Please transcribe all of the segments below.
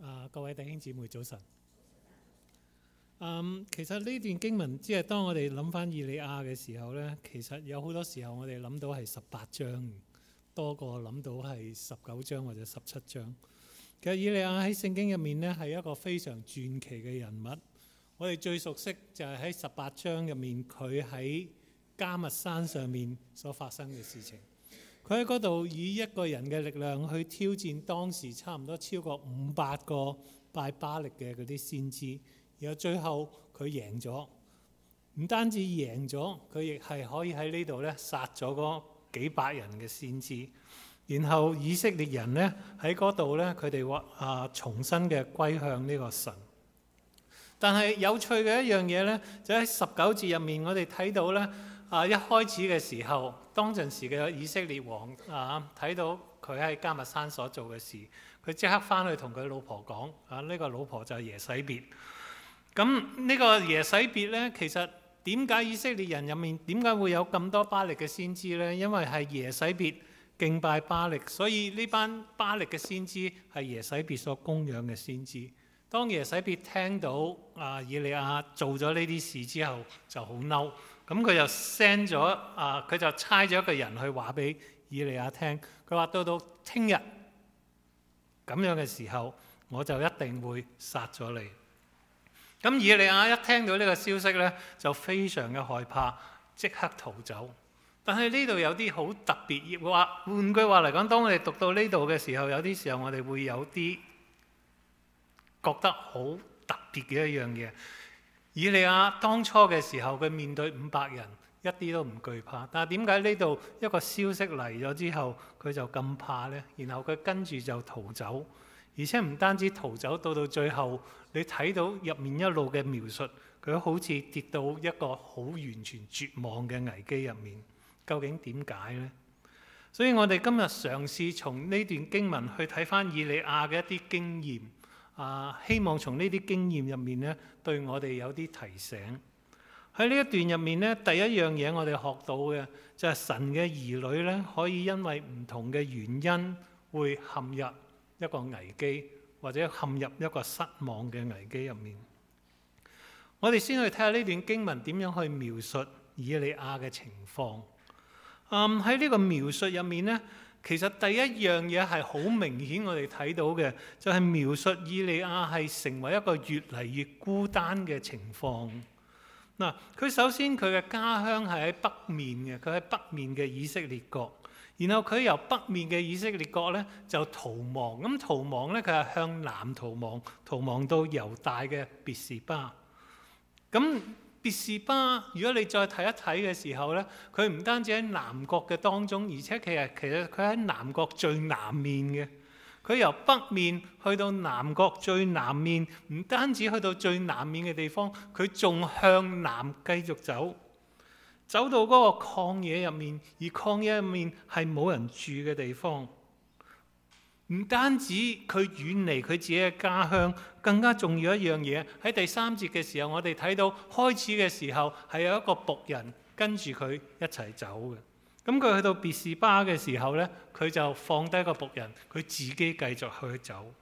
啊，各位弟兄姊妹，早晨。嗯，其實呢段經文，即係當我哋諗翻以利亞嘅時候呢，其實有好多時候我哋諗到係十八章，多過諗到係十九章或者十七章。其實以利亞喺聖經入面呢係一個非常傳奇嘅人物。我哋最熟悉就係喺十八章入面，佢喺。迦密山上面所發生嘅事情，佢喺嗰度以一個人嘅力量去挑戰當時差唔多超過五百個拜巴力嘅嗰啲先知，然後最後，佢贏咗，唔單止贏咗，佢亦係可以喺呢度咧殺咗嗰幾百人嘅先知，然後以色列人咧喺嗰度咧，佢哋話啊重新嘅歸向呢個神。但係有趣嘅一樣嘢咧，就喺十九字入面我，我哋睇到咧。啊！一開始嘅時候，當陣時嘅以色列王啊，睇到佢喺迦密山所做嘅事，佢即刻返去同佢老婆講啊！呢、這個老婆就係耶洗別。咁、啊、呢、這個耶洗別呢，其實點解以色列人入面點解會有咁多巴力嘅先知呢？因為係耶洗別敬拜巴力，所以呢班巴力嘅先知係耶洗別所供養嘅先知。當耶洗別聽到啊以利亞做咗呢啲事之後，就好嬲。咁佢就 send 咗啊，佢就差咗一個人去話俾以利亞聽，佢話到到聽日咁樣嘅時候，我就一定會殺咗你。咁以利亞一聽到呢個消息呢，就非常嘅害怕，即刻逃走。但係呢度有啲好特別，話換句話嚟講，當我哋讀到呢度嘅時候，有啲時候我哋會有啲覺得好特別嘅一樣嘢。以利亞當初嘅時候，佢面對五百人一啲都唔懼怕，但係點解呢度一個消息嚟咗之後，佢就咁怕呢？然後佢跟住就逃走，而且唔單止逃走，到到最後你睇到入面一路嘅描述，佢好似跌到一個好完全絕望嘅危機入面，究竟點解呢？所以我哋今日嘗試從呢段經文去睇返以利亞嘅一啲經驗。啊！希望從呢啲經驗入面呢，對我哋有啲提醒。喺呢一段入面呢，第一樣嘢我哋學到嘅就係：神嘅兒女呢，可以因為唔同嘅原因會陷入一個危機，或者陷入一個失望嘅危機入面。我哋先去睇下呢段經文點樣去描述以利亞嘅情況。嗯，喺呢個描述入面呢。其實第一樣嘢係好明顯，我哋睇到嘅就係、是、描述以利亞係成為一個越嚟越孤單嘅情況。嗱，佢首先佢嘅家鄉係喺北面嘅，佢喺北面嘅以色列國。然後佢由北面嘅以色列國呢就逃亡，咁逃亡呢，佢係向南逃亡，逃亡到猶大嘅別士巴。咁別是巴，如果你再睇一睇嘅時候呢，佢唔單止喺南國嘅當中，而且其實其實佢喺南國最南面嘅。佢由北面去到南國最南面，唔單止去到最南面嘅地方，佢仲向南繼續走，走到嗰個曠野入面，而曠野入面係冇人住嘅地方。唔單止佢遠離佢自己嘅家鄉，更加重要一樣嘢喺第三節嘅時候，我哋睇到開始嘅時候係有一個僕人跟住佢一齊走嘅。咁佢去到別是巴嘅時候呢，佢就放低個僕人，佢自己繼續去走。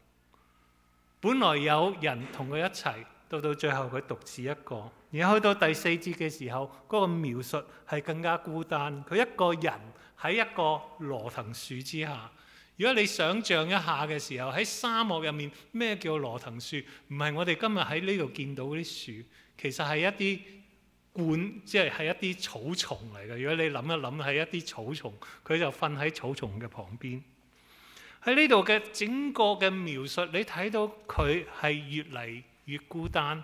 本來有人同佢一齊，到到最後佢獨自一個。而去到第四節嘅時候，嗰個描述係更加孤單，佢一個人喺一個羅騰樹之下。如果你想像一下嘅時候，喺沙漠入面咩叫羅騰樹？唔係我哋今日喺呢度見到嗰啲樹，其實係一啲灌，即係係一啲草叢嚟嘅。如果你諗一諗，係一啲草叢，佢就瞓喺草叢嘅旁邊。喺呢度嘅整個嘅描述，你睇到佢係越嚟越孤單，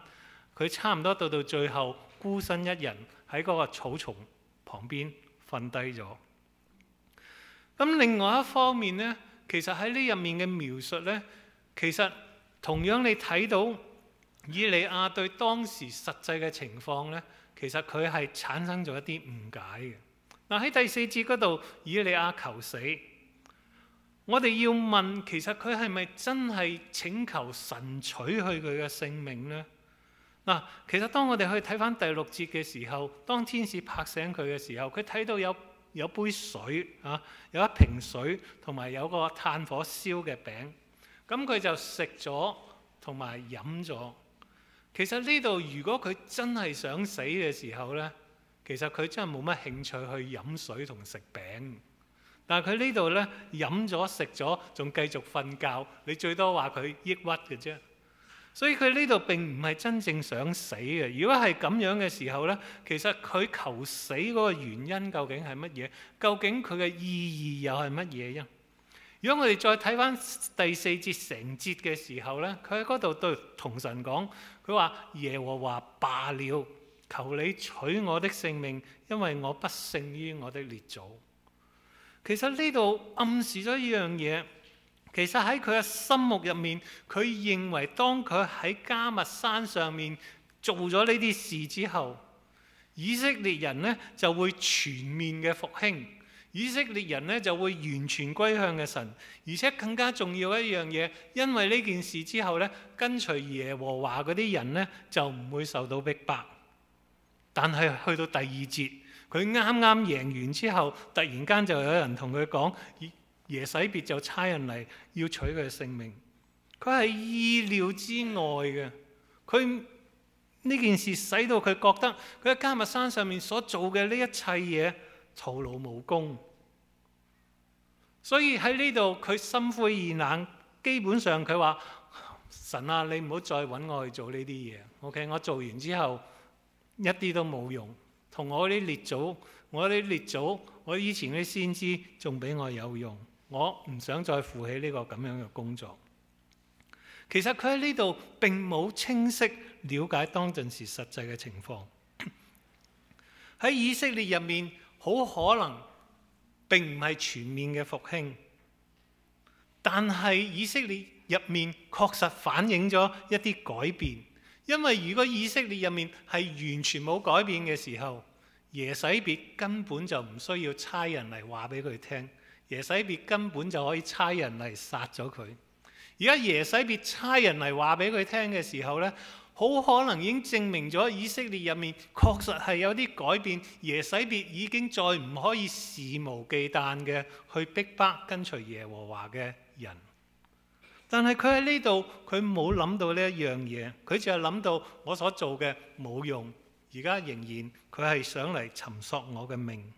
佢差唔多到到最後孤身一人喺嗰個草叢旁邊瞓低咗。咁另外一方面呢。其實喺呢入面嘅描述呢，其實同樣你睇到以利亞對當時實際嘅情況呢，其實佢係產生咗一啲誤解嘅。嗱、啊、喺第四節嗰度，以利亞求死，我哋要問其實佢係咪真係請求神取去佢嘅性命呢？嗱、啊，其實當我哋去睇返第六節嘅時候，當天使拍醒佢嘅時候，佢睇到有。有杯水啊，有一瓶水同埋有個炭火燒嘅餅，咁佢就食咗同埋飲咗。其實呢度如果佢真係想死嘅時候呢，其實佢真係冇乜興趣去飲水同食餅。但係佢呢度呢，飲咗食咗，仲繼續瞓覺。你最多話佢抑鬱嘅啫。所以佢呢度並唔係真正想死嘅。如果係咁樣嘅時候呢，其實佢求死嗰個原因究竟係乜嘢？究竟佢嘅意義又係乜嘢？因如果我哋再睇翻第四節成節嘅時候呢，佢喺度對同神講，佢話耶和華罷了，求你取我的性命，因為我不勝於我的列祖。其實呢度暗示咗一樣嘢。其實喺佢嘅心目入面，佢認為當佢喺迦密山上面做咗呢啲事之後，以色列人呢就會全面嘅復興，以色列人呢就會完全歸向嘅神，而且更加重要一樣嘢，因為呢件事之後呢，跟隨耶和華嗰啲人呢，就唔會受到逼迫。但係去到第二節，佢啱啱贏完之後，突然間就有人同佢講。耶洗別就差人嚟要取佢嘅性命，佢係意料之外嘅。佢呢件事使到佢覺得佢喺迦密山上面所做嘅呢一切嘢徒勞無功，所以喺呢度佢心灰意冷。基本上佢話：神啊，你唔好再揾我去做呢啲嘢。OK，我做完之後一啲都冇用，同我啲列祖、我啲列祖、我以前啲先知仲比我有用。我唔想再負起呢個咁樣嘅工作。其實佢喺呢度並冇清晰了解當陣時實際嘅情況。喺以色列入面，好可能並唔係全面嘅復興，但係以色列入面確實反映咗一啲改變。因為如果以色列入面係完全冇改變嘅時候，耶洗別根本就唔需要差人嚟話俾佢聽。耶洗別根本就可以差人嚟殺咗佢。而家耶洗別差人嚟話俾佢聽嘅時候呢，好可能已經證明咗以色列入面確實係有啲改變，耶洗別已經再唔可以肆無忌憚嘅去逼迫跟隨耶和華嘅人。但係佢喺呢度，佢冇諗到呢一樣嘢，佢淨係諗到我所做嘅冇用，而家仍然佢係想嚟尋索我嘅命。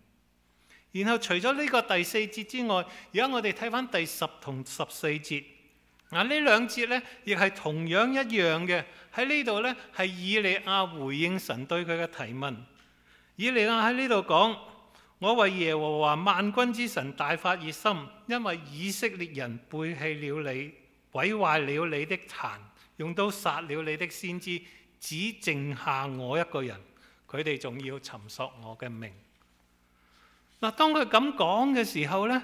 然後除咗呢個第四節之外，而家我哋睇翻第十同十四節。嗱呢兩節呢，亦係同樣一樣嘅。喺呢度呢，係以利亞回應神對佢嘅提問。以利亞喺呢度講：我為耶和華萬軍之神大發熱心，因為以色列人背棄了你，毀壞了你的壇，用刀殺了你的先知，只剩下我一個人，佢哋仲要尋索我嘅命。嗱，當佢咁講嘅時候呢，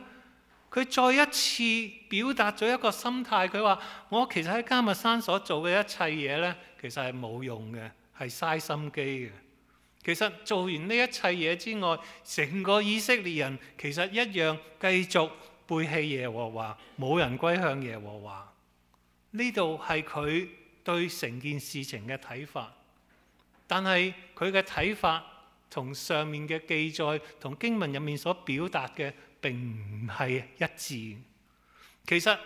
佢再一次表達咗一個心態，佢話：我其實喺迦密山所做嘅一切嘢呢，其實係冇用嘅，係嘥心機嘅。其實做完呢一切嘢之外，成個以色列人其實一樣繼續背棄耶和華，冇人歸向耶和華。呢度係佢對成件事情嘅睇法，但係佢嘅睇法。從上面嘅記載同經文入面所表達嘅並唔係一致。其實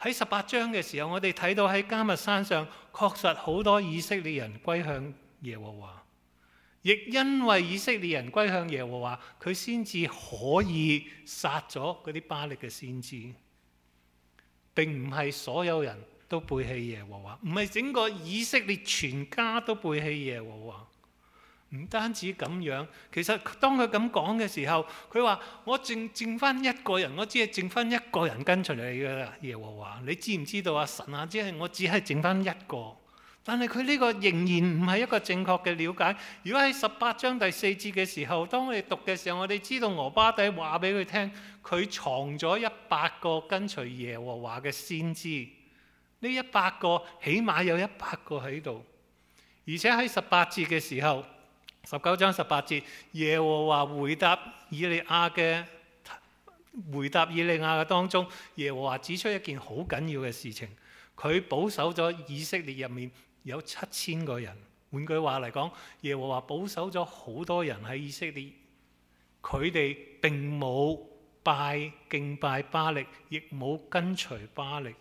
喺十八章嘅時候，我哋睇到喺迦密山上確實好多以色列人歸向耶和華，亦因為以色列人歸向耶和華，佢先至可以殺咗嗰啲巴力嘅先知。並唔係所有人都背棄耶和華，唔係整個以色列全家都背棄耶和華。唔單止咁樣，其實當佢咁講嘅時候，佢話：我剩剩返一個人，我只係剩返一個人跟隨你嘅啦。耶和華，你知唔知道啊？神啊，只係我只係剩返一個。但係佢呢個仍然唔係一個正確嘅了解。如果喺十八章第四節嘅時候，當我哋讀嘅時候，我哋知道俄巴底話俾佢聽，佢藏咗一百個跟隨耶和華嘅先知。呢一百個起碼有一百個喺度，而且喺十八節嘅時候。十九章十八節，耶和華回答以利亞嘅，回答以利亞嘅當中，耶和華指出一件好緊要嘅事情。佢保守咗以色列入面有七千個人。換句話嚟講，耶和華保守咗好多人喺以色列，佢哋並冇拜敬拜巴力，亦冇跟隨巴力。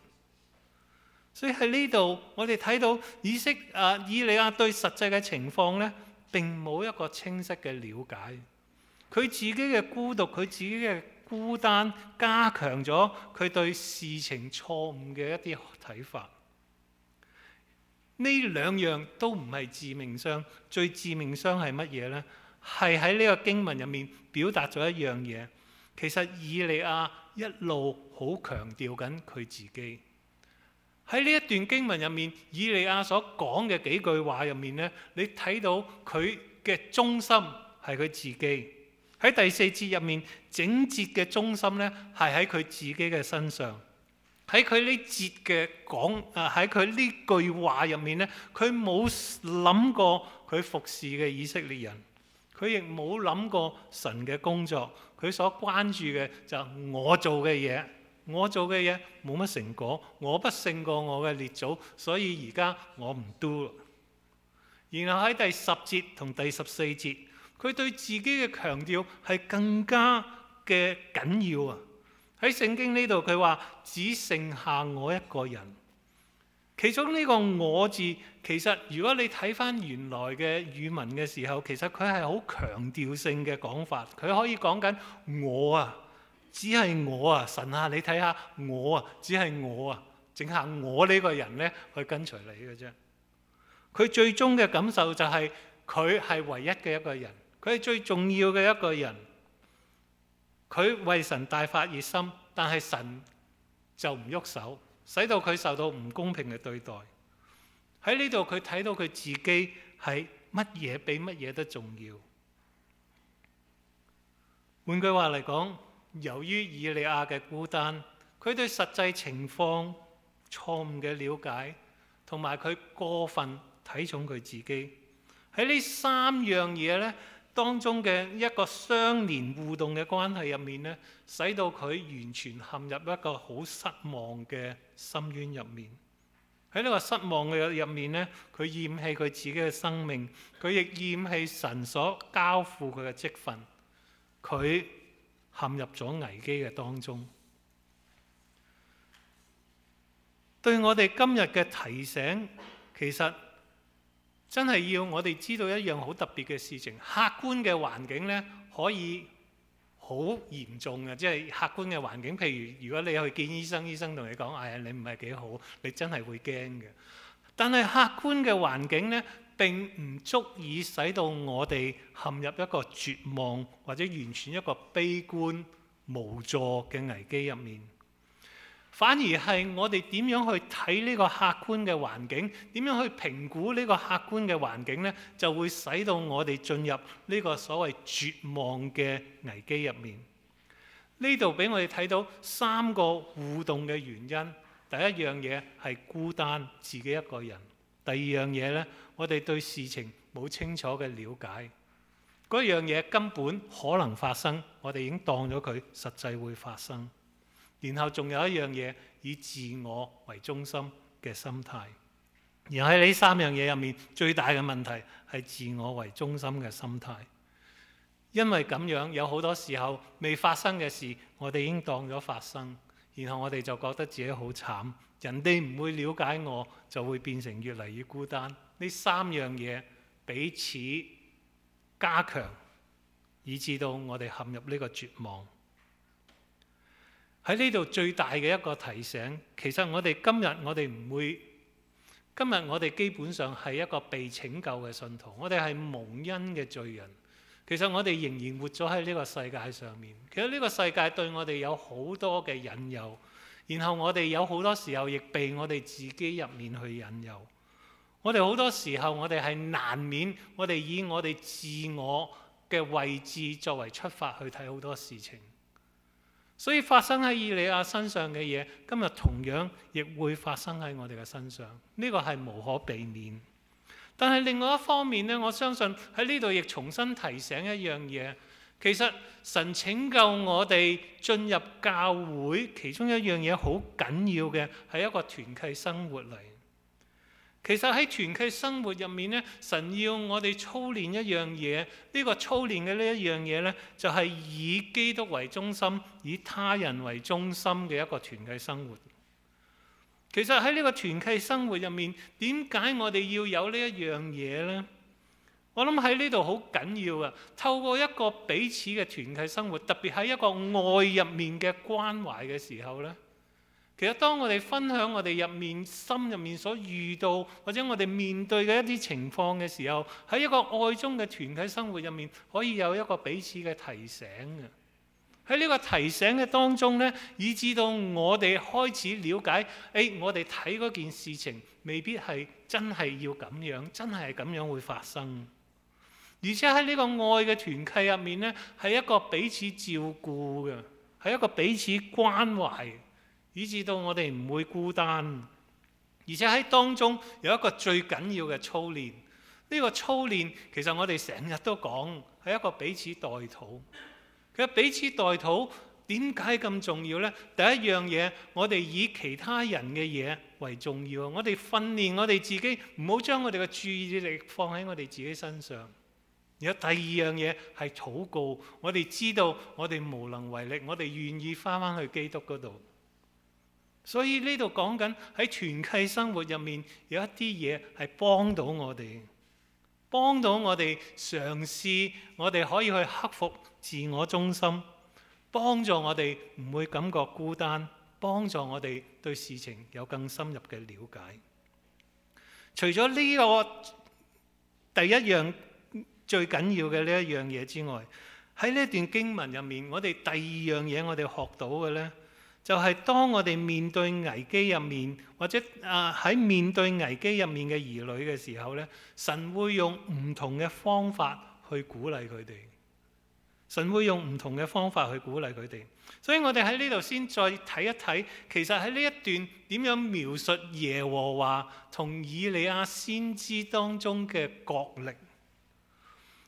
所以喺呢度，我哋睇到以色啊，以利亞對實際嘅情況呢，並冇一個清晰嘅了解，佢自己嘅孤獨，佢自己嘅孤單，加強咗佢對事情錯誤嘅一啲睇法。呢兩樣都唔係致命傷，最致命傷係乜嘢呢？係喺呢個經文入面表達咗一樣嘢，其實以利亞一路好強調緊佢自己。喺呢一段經文入面，以利亞所講嘅幾句話入面呢，你睇到佢嘅中心係佢自己。喺第四節入面，整節嘅中心呢，係喺佢自己嘅身上。喺佢呢節嘅講啊，喺佢呢句話入面呢，佢冇諗過佢服侍嘅以色列人，佢亦冇諗過神嘅工作。佢所關注嘅就係我做嘅嘢。我做嘅嘢冇乜成果，我不勝過我嘅列祖，所以而家我唔做啦。然後喺第十節同第十四節，佢對自己嘅強調係更加嘅緊要啊！喺聖經呢度，佢話只剩下我一個人。其中呢個我字，其實如果你睇返原來嘅語文嘅時候，其實佢係好強調性嘅講法，佢可以講緊我啊。只係我啊，神啊，你睇下我啊，只係我啊，整下我呢個人呢去跟隨你嘅啫。佢最終嘅感受就係佢係唯一嘅一個人，佢係最重要嘅一個人。佢為神大發熱心，但係神就唔喐手，使到佢受到唔公平嘅對待。喺呢度佢睇到佢自己係乜嘢比乜嘢都重要。換句話嚟講。由於以利亞嘅孤單，佢對實際情況錯誤嘅了解，同埋佢過分睇重佢自己，喺呢三樣嘢咧當中嘅一個相連互動嘅關係入面呢，使到佢完全陷入一個好失望嘅深淵入面。喺呢個失望嘅入面呢，佢厭棄佢自己嘅生命，佢亦厭棄神所交付佢嘅職分，佢。陷入咗危機嘅當中，對我哋今日嘅提醒，其實真係要我哋知道一樣好特別嘅事情。客觀嘅環境呢，可以好嚴重嘅，即係客觀嘅環境。譬如如果你去見醫生，醫生同你講：「哎呀，你唔係幾好，你真係會驚嘅。」但係客觀嘅環境呢，並唔足以使到我哋陷入一個絕望或者完全一個悲觀無助嘅危機入面，反而係我哋點樣去睇呢個客觀嘅環境，點樣去評估呢個客觀嘅環境咧，就會使到我哋進入呢個所謂絕望嘅危機入面。呢度俾我哋睇到三個互動嘅原因。第一樣嘢係孤單，自己一個人。第二樣嘢呢，我哋對事情冇清楚嘅了解，嗰樣嘢根本可能發生，我哋已經當咗佢實際會發生。然後仲有一樣嘢，以自我為中心嘅心態。然後喺呢三樣嘢入面，最大嘅問題係自我為中心嘅心態，因為咁樣有好多時候未發生嘅事，我哋已經當咗發生。然後我哋就覺得自己好慘，人哋唔會了解我，就會變成越嚟越孤單。呢三樣嘢彼此加強，以至到我哋陷入呢個絕望。喺呢度最大嘅一個提醒，其實我哋今日我哋唔會，今日我哋基本上係一個被拯救嘅信徒，我哋係蒙恩嘅罪人。其實我哋仍然活咗喺呢個世界上面。其實呢個世界對我哋有好多嘅引誘，然後我哋有好多時候亦被我哋自己入面去引誘。我哋好多時候我哋係難免，我哋以我哋自我嘅位置作為出發去睇好多事情。所以發生喺以利亞身上嘅嘢，今日同樣亦會發生喺我哋嘅身上。呢個係無可避免。但係另外一方面咧，我相信喺呢度亦重新提醒一樣嘢，其實神拯救我哋進入教會，其中一樣嘢好緊要嘅係一個團契生活嚟。其實喺團契生活入面咧，神要我哋操練一樣嘢，呢、這個操練嘅呢一樣嘢咧，就係以基督為中心，以他人為中心嘅一個團契生活。其實喺呢個團契生活入面，點解我哋要有呢一樣嘢呢？我諗喺呢度好緊要啊！透過一個彼此嘅團契生活，特別喺一個愛入面嘅關懷嘅時候呢，其實當我哋分享我哋入面心入面所遇到或者我哋面對嘅一啲情況嘅時候，喺一個愛中嘅團契生活入面，可以有一個彼此嘅提醒嘅。喺呢個提醒嘅當中呢，以致到我哋開始了解，誒、哎、我哋睇嗰件事情未必係真係要咁樣，真係係咁樣會發生。而且喺呢個愛嘅團契入面呢，係一個彼此照顧嘅，係一個彼此關懷，以致到我哋唔會孤單。而且喺當中有一個最緊要嘅操練，呢、這個操練其實我哋成日都講，係一個彼此代禱。佢彼此代禱點解咁重要呢？第一樣嘢，我哋以其他人嘅嘢為重要。我哋訓練我哋自己，唔好將我哋嘅注意力放喺我哋自己身上。有第二樣嘢係禱告，我哋知道我哋無能為力，我哋願意翻返去基督嗰度。所以呢度講緊喺團契生活入面，有一啲嘢係幫到我哋。幫到我哋嘗試，我哋可以去克服自我中心，幫助我哋唔會感覺孤單，幫助我哋對事情有更深入嘅了解。除咗呢個第一樣最緊要嘅呢一樣嘢之外，喺呢段經文入面，我哋第二樣嘢我哋學到嘅呢，就係當我哋面對危機入面，或者啊喺、呃、面對危機入面嘅兒女嘅時候咧，神會用唔同嘅方法去鼓勵佢哋。神會用唔同嘅方法去鼓勵佢哋。所以我哋喺呢度先再睇一睇，其實喺呢一段點樣描述耶和華同以利亞先知當中嘅角力。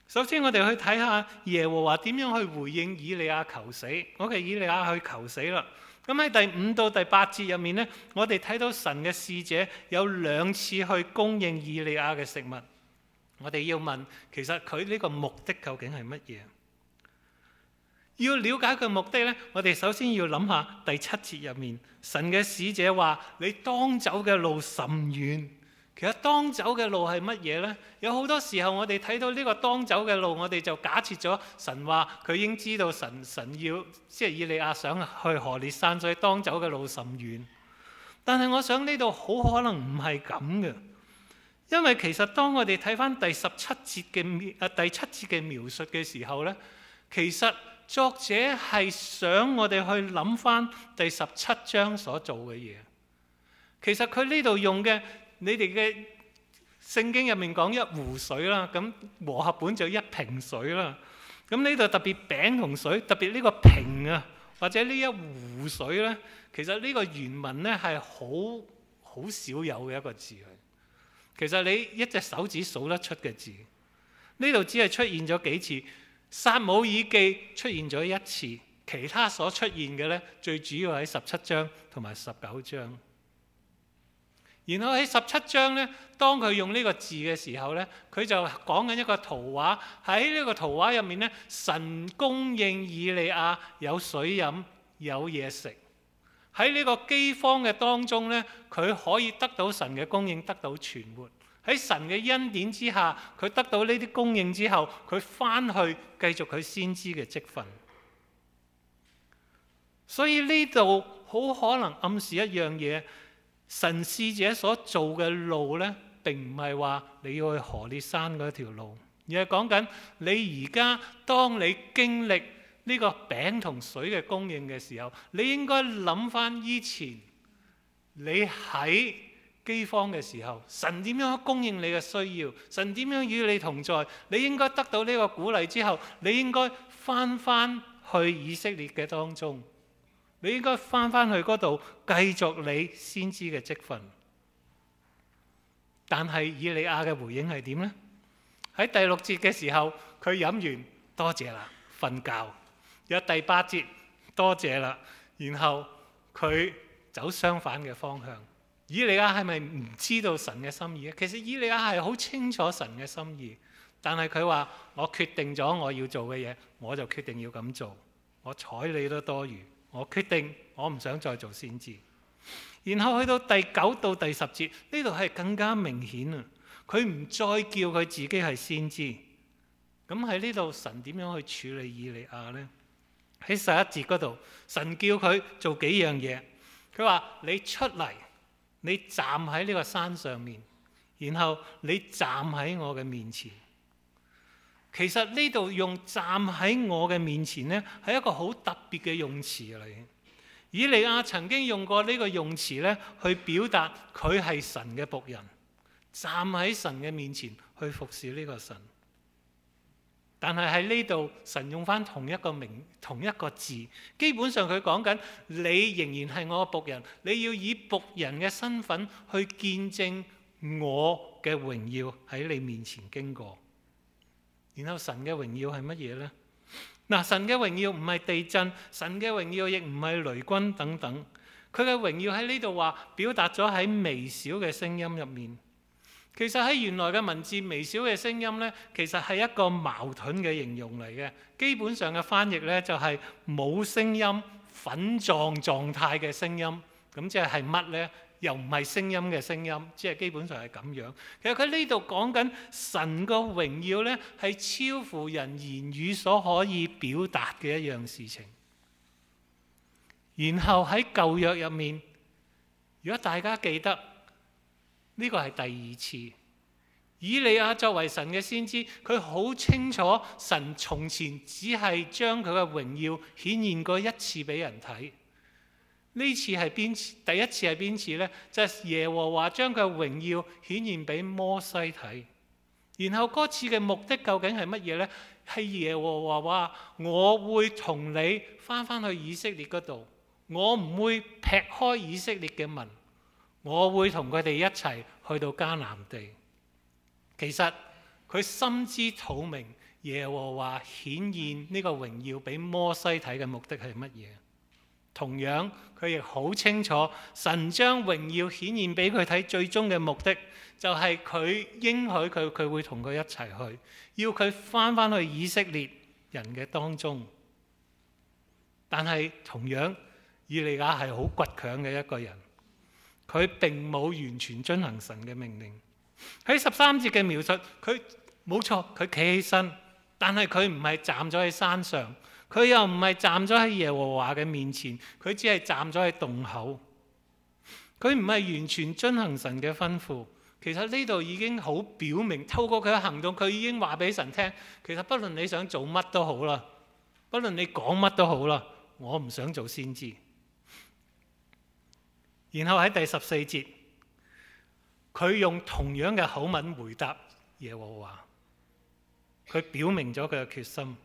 首先，我哋去睇下耶和華點樣去回應以利亞求死。我、okay, 嘅以利亞去求死啦。咁喺第五到第八節入面呢，我哋睇到神嘅使者有兩次去供應以利亞嘅食物，我哋要問，其實佢呢個目的究竟係乜嘢？要了解佢目的呢，我哋首先要諗下第七節入面，神嘅使者話：你當走嘅路甚遠。其實當走嘅路係乜嘢呢？有好多時候，我哋睇到呢個當走嘅路，我哋就假設咗神話佢已經知道神神要即係以利亞想去何烈山，所以當走嘅路甚遠。但係我想呢度好可能唔係咁嘅，因為其實當我哋睇翻第十七節嘅描啊第七節嘅描述嘅時候呢，其實作者係想我哋去諗翻第十七章所做嘅嘢。其實佢呢度用嘅。你哋嘅聖經入面講一壺水啦，咁和合本就一瓶水啦。咁呢度特別餅同水，特別呢個瓶啊，或者呢一壺水呢，其實呢個原文呢係好好少有嘅一個字。其實你一隻手指數得出嘅字，呢度只係出現咗幾次，《撒母耳記》出現咗一次，其他所出現嘅呢，最主要喺十七章同埋十九章。然後喺十七章呢，當佢用呢個字嘅時候呢，佢就講緊一個圖畫。喺呢個圖畫入面呢，神供應以利亞有水飲有嘢食。喺呢個饑荒嘅當中呢，佢可以得到神嘅供應，得到存活。喺神嘅恩典之下，佢得到呢啲供應之後，佢返去繼續佢先知嘅職分。所以呢度好可能暗示一樣嘢。神使者所做嘅路呢，並唔係話你要去何烈山嗰條路，而係講緊你而家，當你經歷呢個餅同水嘅供應嘅時候，你應該諗翻以前你喺饑荒嘅時候，神點樣供應你嘅需要？神點樣與你同在？你應該得到呢個鼓勵之後，你應該翻翻去以色列嘅當中。你應該返返去嗰度，繼續你先知嘅積分，但係以利亞嘅回應係點呢？喺第六節嘅時候，佢飲完多謝啦，瞓覺。有第八節多謝啦，然後佢走相反嘅方向。以利亞係咪唔知道神嘅心意咧？其實以利亞係好清楚神嘅心意，但係佢話：我決定咗我要做嘅嘢，我就決定要咁做，我睬你都多餘。我決定，我唔想再做先知。然後去到第九到第十節呢度係更加明顯啊！佢唔再叫佢自己係先知。咁喺呢度神點樣去處理以利亞呢？喺十一節嗰度，神叫佢做幾樣嘢。佢話：你出嚟，你站喺呢個山上面，然後你站喺我嘅面前。其實呢度用站喺我嘅面前呢，係一個好特別嘅用詞嚟。以利亞曾經用過呢個用詞呢，去表達佢係神嘅僕人，站喺神嘅面前去服侍呢個神。但係喺呢度，神用翻同一個名、同一個字，基本上佢講緊你仍然係我嘅僕人，你要以僕人嘅身份去見證我嘅榮耀喺你面前經過。然後神嘅榮耀係乜嘢呢？嗱、啊，神嘅榮耀唔係地震，神嘅榮耀亦唔係雷轟等等。佢嘅榮耀喺呢度話表達咗喺微小嘅聲音入面。其實喺原來嘅文字，微小嘅聲音呢，其實係一個矛盾嘅形容嚟嘅。基本上嘅翻譯呢，就係冇聲音、粉狀狀態嘅聲音。咁即係係乜呢？又唔係聲音嘅聲音，即係基本上係咁樣。其實佢呢度講緊神個榮耀呢，係超乎人言語所可以表達嘅一樣事情。然後喺舊約入面，如果大家記得呢，呢個係第二次以利亞作為神嘅先知，佢好清楚神從前只係將佢嘅榮耀顯現過一次俾人睇。呢次係邊次？第一次係邊次呢？就係耶和華將佢嘅榮耀顯現俾摩西睇。然後嗰次嘅目的究竟係乜嘢呢？係耶和華話：我會同你翻返去以色列嗰度，我唔會劈開以色列嘅民，我會同佢哋一齊去到迦南地。其實佢心知肚明，耶和華顯現呢個榮耀俾摩西睇嘅目的係乜嘢？同樣，佢亦好清楚，神將榮耀顯現俾佢睇，最終嘅目的就係、是、佢應許佢，佢會同佢一齊去，要佢返返去以色列人嘅當中。但係同樣，以利亞係好倔強嘅一個人，佢並冇完全遵行神嘅命令。喺十三節嘅描述，佢冇錯，佢企起身，但係佢唔係站咗喺山上。佢又唔係站咗喺耶和華嘅面前，佢只係站咗喺洞口。佢唔係完全遵行神嘅吩咐。其實呢度已經好表明，透過佢嘅行動，佢已經話俾神聽。其實不論你想做乜都好啦，不論你講乜都好啦，我唔想做先知。然後喺第十四節，佢用同樣嘅口吻回答耶和華，佢表明咗佢嘅決心。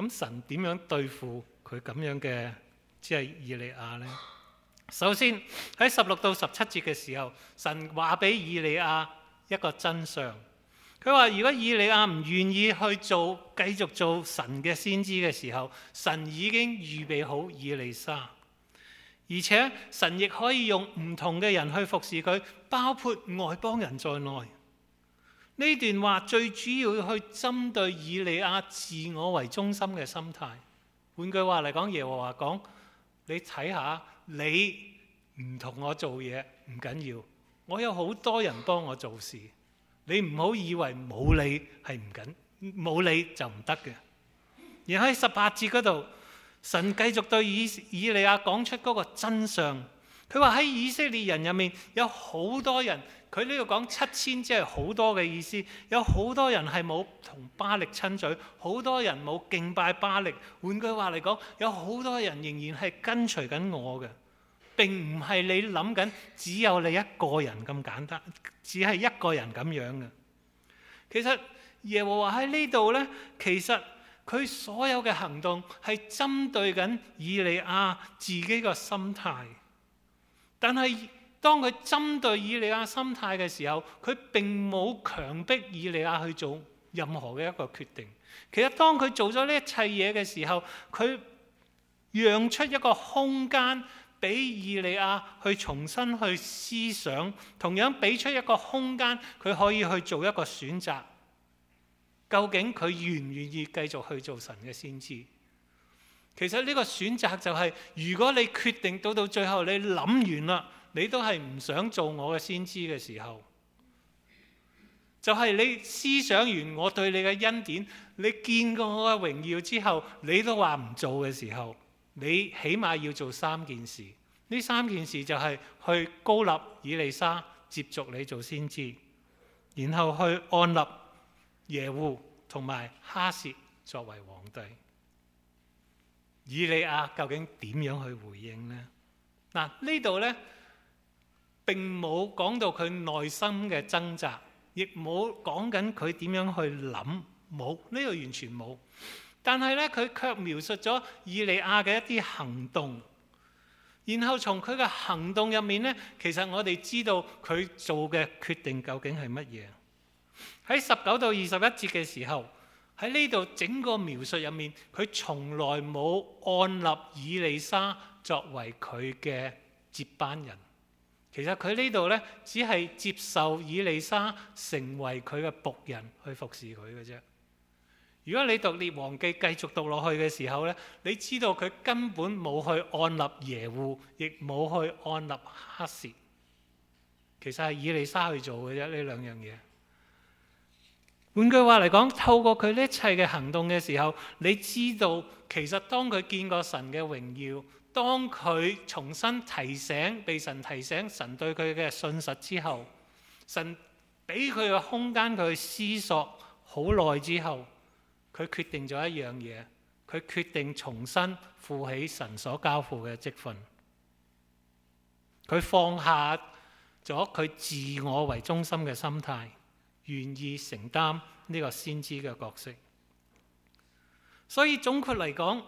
咁神點樣對付佢咁樣嘅即係以利亞呢？首先喺十六到十七節嘅時候，神話俾以利亞一個真相。佢話：如果以利亞唔願意去做繼續做神嘅先知嘅時候，神已經預備好以利沙，而且神亦可以用唔同嘅人去服侍佢，包括外邦人在內。呢段話最主要去針對以利亞自我為中心嘅心態。換句話嚟講，耶和華講：你睇下，你唔同我做嘢唔緊要，我有好多人幫我做事。你唔好以為冇你係唔緊，冇你就唔得嘅。而喺十八節嗰度，神繼續對以以利亞講出嗰個真相。佢話喺以色列人入面有好多人，佢呢度講七千，即係好多嘅意思。有好多人係冇同巴力親嘴，好多人冇敬拜巴力。換句話嚟講，有好多人仍然係跟隨緊我嘅，並唔係你諗緊只有你一個人咁簡單，只係一個人咁樣嘅。其實耶和華喺呢度呢，其實佢所有嘅行動係針對緊以利亞自己嘅心態。但係，當佢針對以利亞心態嘅時候，佢並冇強迫以利亞去做任何嘅一個決定。其實當佢做咗呢一切嘢嘅時候，佢讓出一個空間俾以利亞去重新去思想，同樣俾出一個空間，佢可以去做一個選擇。究竟佢願唔願意繼續去做神嘅先知？其實呢個選擇就係，如果你決定到到最後你諗完啦，你都係唔想做我嘅先知嘅時候，就係、是、你思想完我對你嘅恩典，你見過我嘅榮耀之後，你都話唔做嘅時候，你起碼要做三件事。呢三件事就係去高立以利沙接續你做先知，然後去安立耶戶同埋哈薛作為皇帝。以利亞究竟點樣去回應呢？嗱，呢度呢，並冇講到佢內心嘅掙扎，亦冇講緊佢點樣去諗，冇，呢度完全冇。但係呢，佢卻描述咗以利亞嘅一啲行動，然後從佢嘅行動入面呢，其實我哋知道佢做嘅決定究竟係乜嘢。喺十九到二十一節嘅時候。喺呢度整個描述入面，佢從來冇按立以利沙作為佢嘅接班人。其實佢呢度呢，只係接受以利沙成為佢嘅僕人去服侍佢嘅啫。如果你讀《列王記》，繼續讀落去嘅時候呢，你知道佢根本冇去按立耶戶，亦冇去按立哈薛。其實係以利沙去做嘅啫，呢兩樣嘢。換句話嚟講，透過佢呢一切嘅行動嘅時候，你知道其實當佢見過神嘅榮耀，當佢重新提醒、被神提醒神對佢嘅信實之後，神俾佢嘅空間佢去思索好耐之後，佢決定咗一樣嘢，佢決定重新負起神所交付嘅職份，佢放下咗佢自我為中心嘅心態。願意承擔呢個先知嘅角色，所以總括嚟講，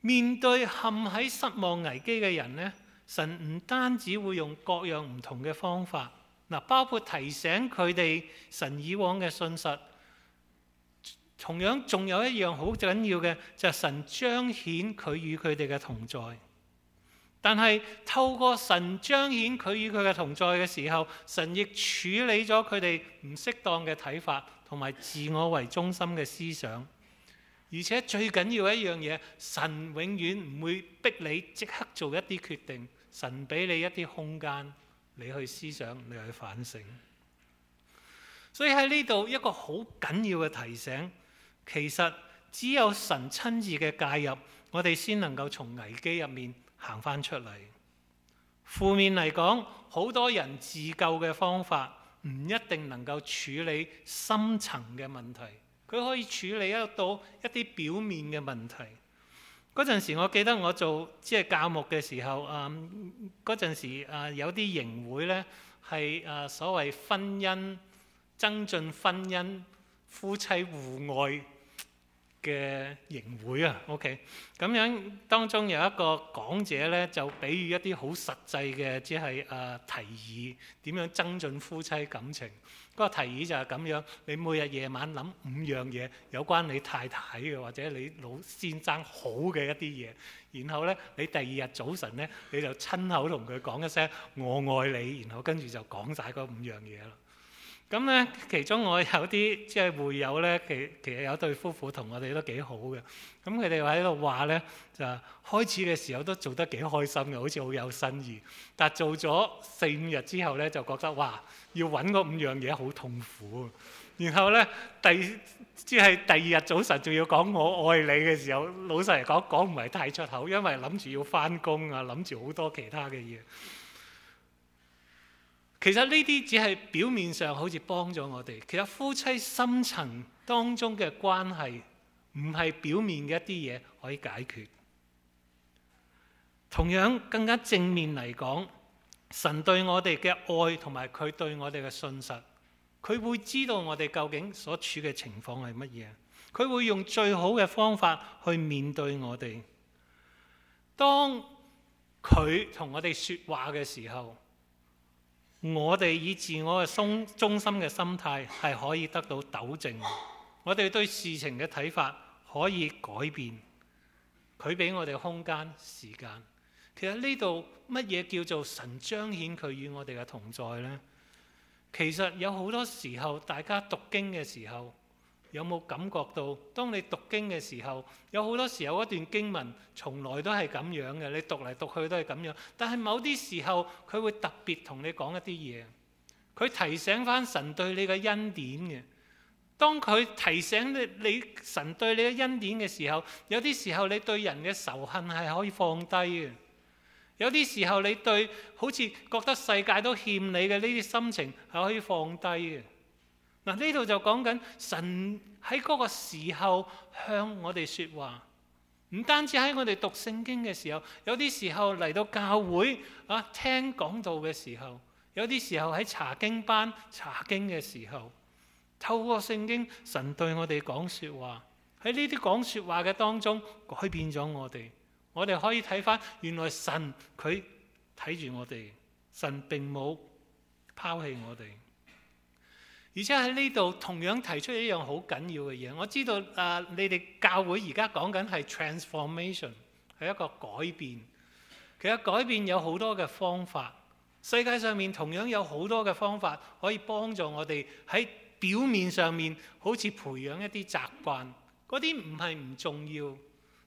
面對陷喺失望危機嘅人呢，神唔單止會用各樣唔同嘅方法嗱，包括提醒佢哋神以往嘅信實，同樣仲有一樣好緊要嘅就係神彰顯佢與佢哋嘅同在。但係透過神彰顯佢與佢嘅同在嘅時候，神亦處理咗佢哋唔適當嘅睇法，同埋自我為中心嘅思想。而且最緊要一樣嘢，神永遠唔會逼你即刻做一啲決定，神俾你一啲空間，你去思想，你去反省。所以喺呢度，一個好緊要嘅提醒，其實只有神親自嘅介入，我哋先能夠從危機入面。行翻出嚟。負面嚟講，好多人自救嘅方法唔一定能夠處理深層嘅問題。佢可以處理得到一啲表面嘅問題。嗰陣時，我記得我做即係教牧嘅時候，啊、嗯，嗰陣時啊、呃，有啲營會呢，係啊、呃，所謂婚姻增進婚姻夫妻互愛嘅營會啊，OK，咁樣當中有一個講者呢，就比喻一啲好實際嘅，即係誒、呃、提議，點樣增進夫妻感情？嗰、嗰個提議就係咁樣，你每日夜晚諗五樣嘢有關你太太嘅，或者你老先生好嘅一啲嘢，然後呢，你第二日早晨呢，你就親口同佢講一聲我愛你，然後跟住就講晒嗰五樣嘢啦。咁咧，其中我有啲即係會友咧，其其實有對夫婦同我哋都幾好嘅。咁佢哋話喺度話咧，就開始嘅時候都做得幾開心嘅，好似好有新意。但做咗四五日之後咧，就覺得哇，要揾嗰五樣嘢好痛苦。然後咧，第即係第二日早晨仲要講我愛你嘅時候，老實嚟講講唔係太出口，因為諗住要翻工啊，諗住好多其他嘅嘢。其實呢啲只係表面上好似幫咗我哋，其實夫妻深層當中嘅關係唔係表面嘅一啲嘢可以解決。同樣更加正面嚟講，神對我哋嘅愛同埋佢對我哋嘅信實，佢會知道我哋究竟所處嘅情況係乜嘢。佢會用最好嘅方法去面對我哋。當佢同我哋說話嘅時候，我哋以自我嘅中心嘅心態，係可以得到糾正，我哋對事情嘅睇法可以改變，佢俾我哋空間時間，其實呢度乜嘢叫做神彰顯佢與我哋嘅同在咧？其實有好多時候，大家讀經嘅時候。有冇感覺到？當你讀經嘅時候，有好多時候一段經文從來都係咁樣嘅，你讀嚟讀去都係咁樣。但係某啲時候，佢會特別同你講一啲嘢，佢提醒返神對你嘅恩典嘅。當佢提醒你，你神對你嘅恩典嘅時候，有啲時候你對人嘅仇恨係可以放低嘅，有啲時候你對好似覺得世界都欠你嘅呢啲心情係可以放低嘅。嗱，呢度就講緊神喺嗰個時候向我哋說話，唔單止喺我哋讀聖經嘅時候，有啲時候嚟到教會啊聽講道嘅時候，有啲時候喺查經班查經嘅時候，透過聖經神對我哋講說話，喺呢啲講說話嘅當中改變咗我哋，我哋可以睇返原來神佢睇住我哋，神並冇拋棄我哋。而且喺呢度同樣提出一樣好緊要嘅嘢，我知道啊，你哋教會而家講緊係 transformation，係一個改變。其實改變有好多嘅方法，世界上面同樣有好多嘅方法可以幫助我哋喺表面上面好似培養一啲習慣，嗰啲唔係唔重要。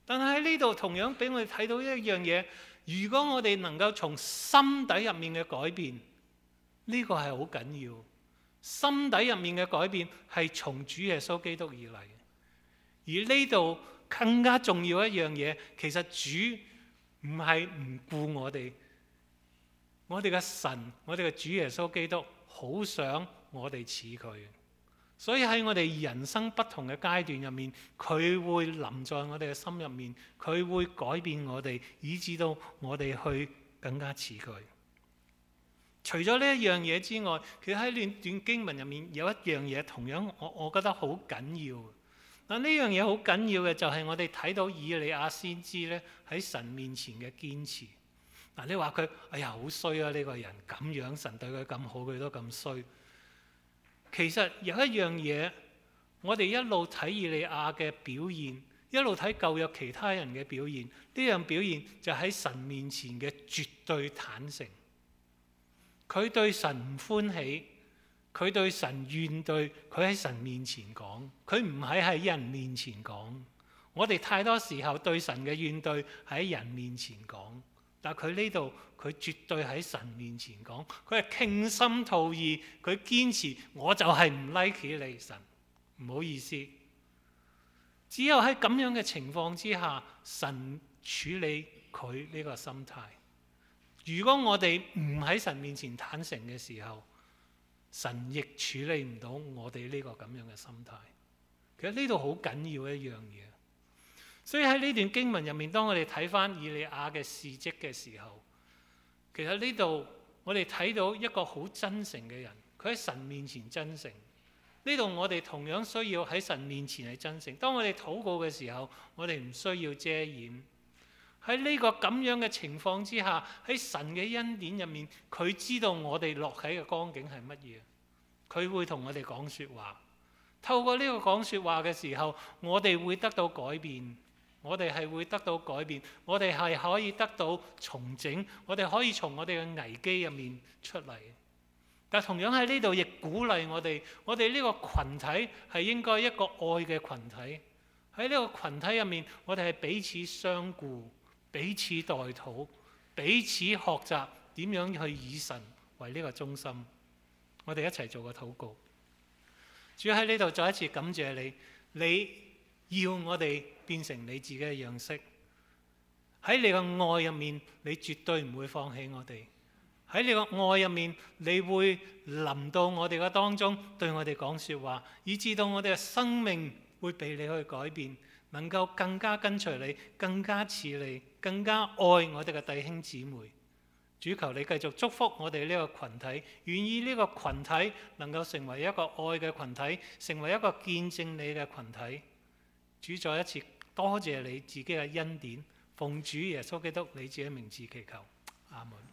但係喺呢度同樣俾我哋睇到一樣嘢，如果我哋能夠從心底入面嘅改變，呢個係好緊要。心底入面嘅改變係從主耶穌基督而嚟，而呢度更加重要一樣嘢，其實主唔係唔顧我哋，我哋嘅神，我哋嘅主耶穌基督好想我哋似佢，所以喺我哋人生不同嘅階段入面，佢會臨在我哋嘅心入面，佢會改變我哋，以致到我哋去更加似佢。除咗呢一樣嘢之外，佢喺呢段經文入面有一樣嘢同樣，我我覺得好緊要。嗱，呢樣嘢好緊要嘅就係我哋睇到以利亞先知呢喺神面前嘅堅持。嗱，你話佢哎呀好衰啊！呢個人咁樣，神對佢咁好，佢都咁衰。其實有一樣嘢，我哋一路睇以利亞嘅表現，一路睇舊約其他人嘅表現，呢樣表現就喺神面前嘅絕對坦誠。佢對神唔歡喜，佢對神怨對，佢喺神面前講，佢唔係喺人面前講。我哋太多時候對神嘅怨對喺人面前講，但佢呢度佢絕對喺神面前講，佢係傾心吐意，佢堅持我就係唔 like 你神，唔好意思。只有喺咁樣嘅情況之下，神處理佢呢個心態。如果我哋唔喺神面前坦誠嘅時候，神亦處理唔到我哋呢個咁樣嘅心態。其實呢度好緊要一樣嘢。所以喺呢段經文入面，當我哋睇翻以利亞嘅事跡嘅時候，其實呢度我哋睇到一個好真誠嘅人，佢喺神面前真誠。呢度我哋同樣需要喺神面前係真誠。當我哋禱告嘅時候，我哋唔需要遮掩。喺呢個咁樣嘅情況之下，喺神嘅恩典入面，佢知道我哋落喺嘅光景係乜嘢，佢會同我哋講説話。透過呢個講説話嘅時候，我哋會得到改變，我哋係會得到改變，我哋係可以得到重整，我哋可以從我哋嘅危機入面出嚟。但同樣喺呢度亦鼓勵我哋，我哋呢個群體係應該一個愛嘅群體。喺呢個群體入面，我哋係彼此相顧。彼此代禱，彼此學習點樣去以神為呢個中心。我哋一齊做個禱告。主喺呢度再一次感謝你，你要我哋變成你自己嘅樣式。喺你嘅愛入面，你絕對唔會放棄我哋。喺你嘅愛入面，你會臨到我哋嘅當中，對我哋講說話，以至到我哋嘅生命會被你去改變。能夠更加跟隨你，更加似你，更加愛我哋嘅弟兄姊妹。主求你繼續祝福我哋呢個群體，願意呢個群體能夠成為一個愛嘅群體，成為一個見證你嘅群體。主再一次多謝你自己嘅恩典，奉主耶穌基督，你自己名字祈求，阿門。